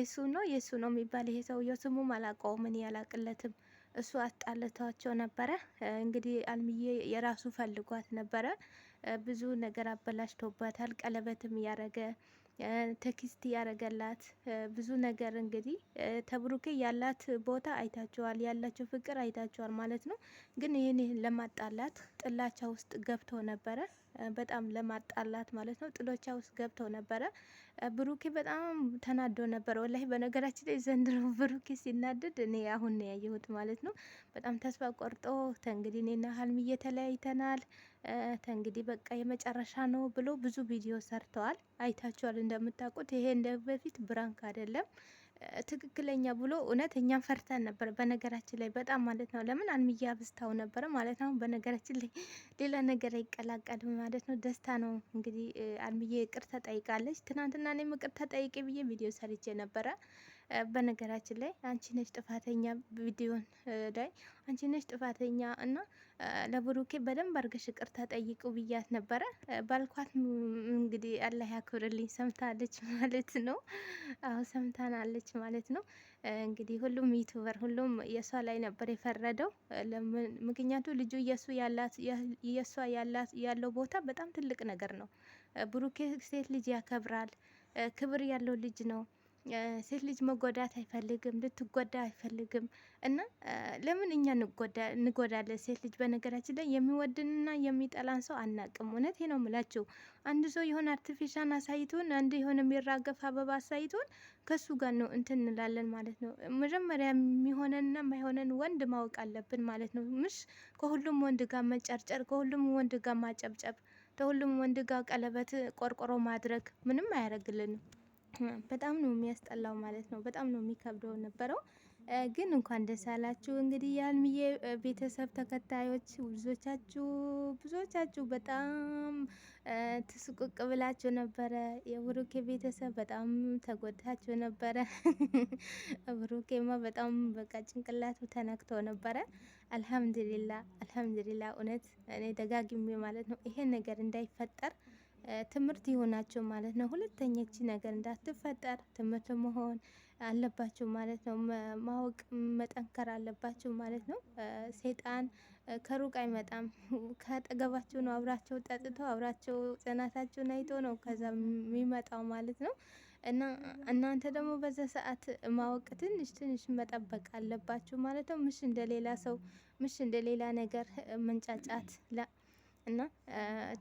የሱ ነው የሱ ነው የሚባል ይሄ ሰውዬው ስሙም አላውቀውም፣ እኔ አላቅለትም። እሱ አስጣልቷቸው ነበረ። እንግዲህ አልምዬ የራሱ ፈልጓት ነበረ። ብዙ ነገር አበላሽቶባታል። ቀለበትም እያረገ ቴክስት እያረገላት ብዙ ነገር እንግዲህ ተብሩኬ ያላት ቦታ አይታችኋል፣ ያላቸው ፍቅር አይታችኋል ማለት ነው። ግን ይህን ለማጣላት ጥላቻ ውስጥ ገብቶ ነበረ። በጣም ለማጣላት ማለት ነው ጥሎቻ ውስጥ ገብተው ነበረ። ብሩኬ በጣም ተናዶ ነበረ። ወላሂ በነገራችን ላይ ዘንድሮ ብሩኬ ሲናደድ እኔ አሁን ነው ያየሁት ማለት ነው። በጣም ተስፋ ቆርጦ ተእንግዲህ እኔና ሀልሚ እየተለያይተናል ተእንግዲህ በቃ የመጨረሻ ነው ብሎ ብዙ ቪዲዮ ሰርተዋል። አይታችኋል እንደምታውቁት ይሄ እንደ በፊት ብራንክ አይደለም። ትክክለኛ ብሎ እውነት እኛም ፈርተን ነበር። በነገራችን ላይ በጣም ማለት ነው። ለምን አንምያ ብስታው ነበረ ማለት ነው። በነገራችን ላይ ሌላ ነገር አይቀላቀልም ማለት ነው። ደስታ ነው እንግዲህ። አንምዬ ይቅርታ ጠይቃለች። ትናንትና እኔም ይቅርታ ጠይቄ ብዬ ቪዲዮ ሰርቼ ነበረ። በነገራችን ላይ አንቺ ነሽ ጥፋተኛ፣ ቪዲዮን ላይ አንቺ ነሽ ጥፋተኛ እና ለብሩኬ በደንብ አርገሽ ይቅርታ ጠይቁ ብያት ነበረ ባልኳት። እንግዲህ አላህ ያክብርልኝ ሰምታለች ማለት ነው። አሁ ሰምታናለች ማለት ነው። እንግዲህ ሁሉም ዩቱበር ሁሉም የእሷ ላይ ነበር የፈረደው። ምክንያቱ ልጁ የእሷ ያለው ቦታ በጣም ትልቅ ነገር ነው። ብሩኬ ሴት ልጅ ያከብራል፣ ክብር ያለው ልጅ ነው። ሴት ልጅ መጎዳት አይፈልግም፣ ልትጎዳ አይፈልግም። እና ለምን እኛ እንጎዳለን? ሴት ልጅ በነገራችን ላይ የሚወድንና የሚጠላን ሰው አናቅም። እውነት ነው የምላችሁ። አንድ ሰው የሆነ አርቲፊሻን አሳይቶን፣ አንድ የሆነ የሚራገፍ አበባ አሳይቶን ከሱ ጋር ነው እንትን እንላለን ማለት ነው። መጀመሪያ የሚሆነንና የማይሆነን ወንድ ማወቅ አለብን ማለት ነው። ምሽ ከሁሉም ወንድ ጋር መጨርጨር፣ ከሁሉም ወንድ ጋር ማጨብጨብ፣ ከሁሉም ወንድ ጋር ቀለበት ቆርቆሮ ማድረግ ምንም አያደርግልንም። በጣም ነው የሚያስጠላው ማለት ነው። በጣም ነው የሚከብደው ነበረው። ግን እንኳን ደስ አላችሁ እንግዲህ የሀይሚዬ ቤተሰብ ተከታዮች ብዙዎቻችሁ ብዙዎቻችሁ በጣም ትስቁቅ ብላችሁ ነበረ። የብሩኬ ቤተሰብ በጣም ተጎድታችሁ ነበረ። ብሩኬማ በጣም በቃ ጭንቅላቱ ተነክቶ ነበረ። አልሐምዱሊላ አልሐምዱሊላ እውነት እኔ ደጋግሜ ማለት ነው ይሄን ነገር እንዳይፈጠር ትምህርት ይሆናቸው ማለት ነው። ሁለተኛ ነገር እንዳትፈጠር ትምህርት መሆን አለባቸው ማለት ነው። ማወቅ መጠንከር አለባቸው ማለት ነው። ሰይጣን ከሩቅ አይመጣም፣ ከአጠገባቸው ነው። አብራቸው ጠጥተው አብራቸው ጽናታቸውን አይቶ ነው ከዛ የሚመጣው ማለት ነው። እና እናንተ ደግሞ በዛ ሰዓት ማወቅ ትንሽ ትንሽ መጠበቅ አለባችሁ ማለት ነው። ምሽ እንደሌላ ሰው ምሽ እንደሌላ ነገር መንጫጫት እና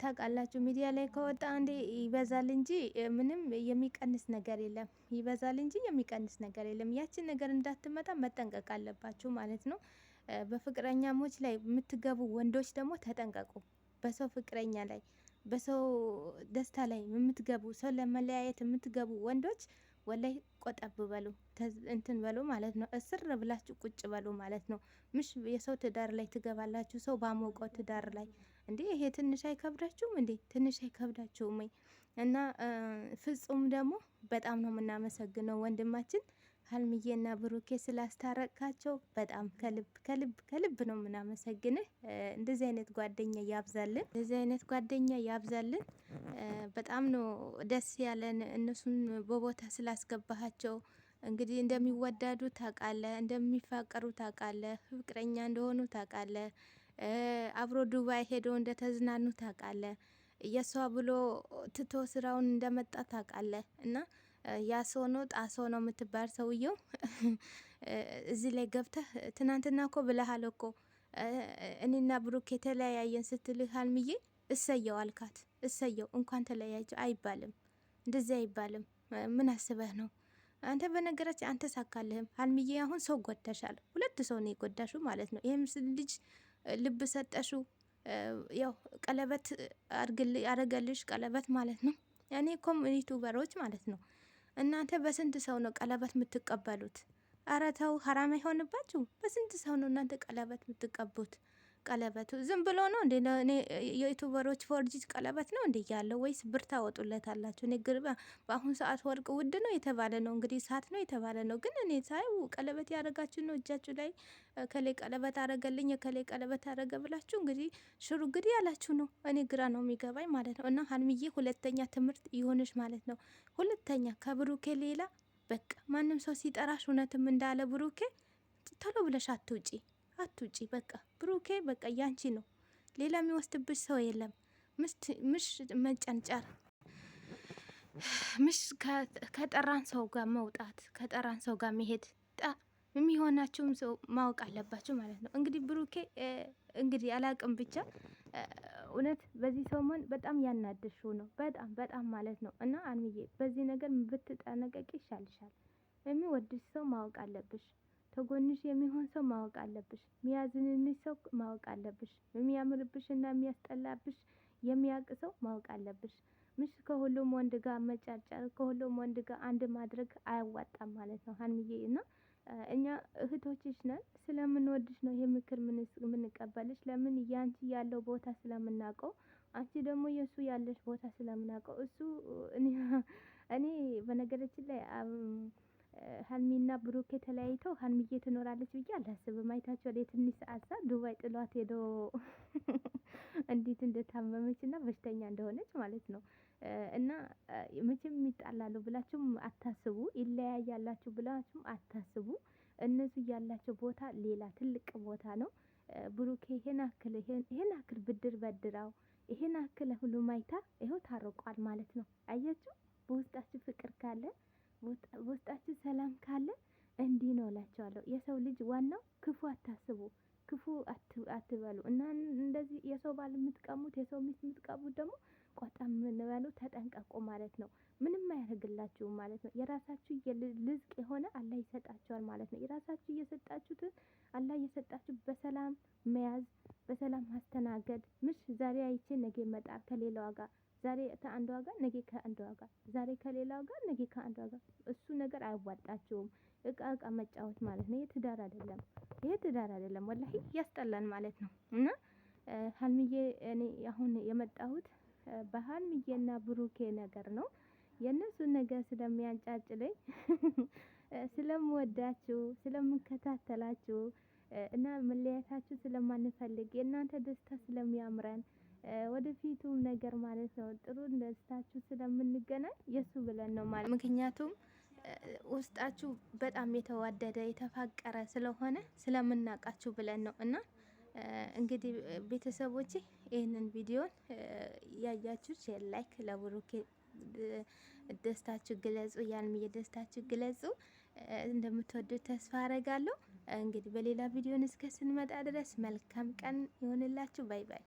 ታውቃላችሁ ሚዲያ ላይ ከወጣ አንዴ ይበዛል እንጂ ምንም የሚቀንስ ነገር የለም። ይበዛል እንጂ የሚቀንስ ነገር የለም። ያችን ነገር እንዳትመጣ መጠንቀቅ አለባችሁ ማለት ነው። በፍቅረኛሞች ላይ የምትገቡ ወንዶች ደግሞ ተጠንቀቁ። በሰው ፍቅረኛ ላይ፣ በሰው ደስታ ላይ የምትገቡ ሰው ለመለያየት የምትገቡ ወንዶች ወላይ ቆጠብ በሉ እንትን በሉ ማለት ነው። እስር ብላችሁ ቁጭ በሉ ማለት ነው። ምሽ የሰው ትዳር ላይ ትገባላችሁ። ሰው ባሞቀው ትዳር ላይ እንዴ ይሄ ትንሽ አይከብዳችሁም እንዴ? ትንሽ አይከብዳችሁም ወይ? እና ፍጹም ደግሞ በጣም ነው የምናመሰግነው ወንድማችን ሀልምዬና ብሩኬ ስላስታረቃቸው በጣም ከልብ ከልብ ከልብ ነው የምናመሰግንህ። እንደዚህ አይነት ጓደኛ ያብዛልን፣ እንደዚህ አይነት ጓደኛ ያብዛልን። በጣም ነው ደስ ያለን እነሱን በቦታ ስላስገባሃቸው። እንግዲህ እንደሚወዳዱ ታውቃለህ፣ እንደሚፋቀሩ ታውቃለህ፣ ፍቅረኛ እንደሆኑ ታውቃለህ። አብሮ ዱባይ ሄዶ እንደተዝናኑ ታውቃለ። የሷ ብሎ ትቶ ስራውን እንደመጣ ታውቃለ። እና ነው ጣሶ ነው የምትባል ሰውየው እዚህ ላይ ገብተህ ትናንትና ኮ ብለሃል እኮ እኔና ብሩክ የተለያየን ስትልህ ሀልምዬ እሰየው አልካት። እሰየው እንኳን ተለያየው አይባልም፣ እንደዚህ አይባልም። ምን አስበህ ነው አንተ? በነገራችን አንተ ሳካልህም አልሚዬ አሁን ሰው ጎዳሻል። ሁለት ሰው ነው የጎዳሹ ማለት ነው። ይህም ልጅ ልብ ሰጠሹ ያው ቀለበት አረገልሽ ቀለበት ማለት ነው። እኔ ኮሚኒቲ በሮች ማለት ነው። እናንተ በስንት ሰው ነው ቀለበት የምትቀበሉት? አረተው ሀራም አይሆንባችሁ። በስንት ሰው ነው እናንተ ቀለበት የምትቀቡት? ቀለበቱ ዝም ብሎ ነው እንዴ? የዩቱበሮች ፎርጅት ቀለበት ነው እንዴ ያለው ወይስ ብር እኔ ንግር በአሁኑ ሰዓት ወርቅ ውድ ነው የተባለ ነው እንግዲህ እሳት ነው የተባለ ነው። ግን እኔ ሳይ ቀለበት ያደረጋችሁ ነው እጃችሁ ላይ ከሌ ቀለበት አረገልኝ ከሌ ቀለበት አረገ ብላችሁ እንግዲህ ሽሩ እንግዲህ ያላችሁ ነው። እኔ ግራ ነው የሚገባኝ ማለት ነው። እና ሀይሚዬ ሁለተኛ ትምህርት ይሆንሽ ማለት ነው። ሁለተኛ ከብሩኬ ሌላ በቃ ማንም ሰው ሲጠራሽ እውነትም እንዳለ ብሩኬ ቶሎ ብለሽ አትውጪ። አትውጪ። በቃ ብሩኬ፣ በቃ ያንቺ ነው። ሌላ የሚወስድብሽ ሰው የለም። ምሽ መጨንጨር፣ ምሽ ከጠራን ሰው ጋር መውጣት፣ ከጠራን ሰው ጋር መሄድ ጣ የሚሆናችሁም ሰው ማወቅ አለባችሁ ማለት ነው። እንግዲህ ብሩኬ እንግዲህ አላቅም ብቻ እውነት በዚህ ሰሞን በጣም ያናደሽው ነው። በጣም በጣም ማለት ነው። እና አንዬ በዚህ ነገር ብትጠነቀቂ ይሻልሻል። የሚወድሽ ሰው ማወቅ አለብሽ። ከጎንሽ የሚሆን ሰው ማወቅ አለብሽ። የሚያዝንልሽ ሰው ማወቅ አለብሽ። የሚያምርብሽ እና የሚያስጠላብሽ የሚያውቅ ሰው ማወቅ አለብሽ። ምሽ ከሁሉም ወንድ ጋር መጫጫር፣ ከሁሉም ወንድ ጋር አንድ ማድረግ አያዋጣም ማለት ነው ሀንዬ እና እኛ እህቶችሽ ነን። ስለምንወድሽ ነው ይህ ምክር የምንቀበልሽ። ለምን ያንቺ ያለው ቦታ ስለምናውቀው፣ አንቺ ደግሞ የእሱ ያለሽ ቦታ ስለምናውቀው እሱ እኔ በነገራችን ላይ ሀልሚና ብሩኬ ተለያይተው ሀልሚዬ ትኖራለች ብዬ አላስብም። አይታችኋል፣ የትንሽ ሰዓት ሳ ዱባይ ጥሏት ሄዶ እንዴት እንደታመመች እና በሽተኛ እንደሆነች ማለት ነው። እና መቼም ይጣላሉ ብላችሁም አታስቡ፣ ይለያያላችሁ ብላችሁም አታስቡ። እነዚህ ያላቸው ቦታ ሌላ ትልቅ ቦታ ነው። ብሩኬ ይሄን አክል ይሄን አክል ብድር በድራው ይሄን አክል ሁሉ ማይታ ይኸው ታርቋል ማለት ነው። አያችሁ፣ በውስጣችሁ ፍቅር ካለ ውስጣችሁ ሰላም ካለ እንዲህ ነው እላቸዋለሁ። የሰው ልጅ ዋናው ክፉ አታስቡ፣ ክፉ አትበሉ እና እንደዚህ የሰው ባል የምትቀሙት የሰው ሚስት የምትቀሙት ደግሞ ቆጠም በሉ፣ ተጠንቀቁ ማለት ነው። ምንም አያደርግላችሁም ማለት ነው። የራሳችሁ ልዝቅ የሆነ አላህ ይሰጣችኋል ማለት ነው። የራሳችሁ እየሰጣችሁትን አላህ እየሰጣችሁ በሰላም መያዝ፣ በሰላም ማስተናገድ። ምሽ ዛሬ አይቼ ነገ መጣር ከሌላዋ ጋር ዛሬ ከአንዷ ጋር ነገ ከአንዷ ጋር ዛሬ ከሌላዋ ጋር ነገ ከአንዷ ጋር እሱ ነገር አያዋጣችሁም። እቃ እቃ መጫወት ማለት ነው። የትዳር አይደለም። ይሄ ትዳር አይደለም፣ ወላሂ ያስጠላል ማለት ነው። እና ሀልምዬ እኔ አሁን የመጣሁት በሀልምዬና ብሩኬ ነገር ነው። የእነሱን ነገር ስለሚያንጫጭለኝ ስለምወዳችሁ፣ ስለምከታተላችሁ እና መለያታችሁ ስለማንፈልግ የእናንተ ደስታ ስለሚያምረን ወደፊቱም ነገር ማለት ነው ጥሩ ደስታችሁ ስለምንገናኝ የሱ ብለን ነው ማለት ምክንያቱም ውስጣችሁ በጣም የተዋደደ የተፋቀረ ስለሆነ ስለምናውቃችሁ ብለን ነው እና እንግዲህ ቤተሰቦቼ ይህንን ቪዲዮን ያያችሁ ሼር፣ ላይክ ለብሩኬ ደስታችሁ ግለጹ፣ ያልምዬ የደስታችሁ ግለጹ። እንደምትወዱት ተስፋ አረጋለሁ። እንግዲህ በሌላ ቪዲዮን እስከ ስንመጣ ድረስ መልካም ቀን ይሆንላችሁ። ባይ ባይ።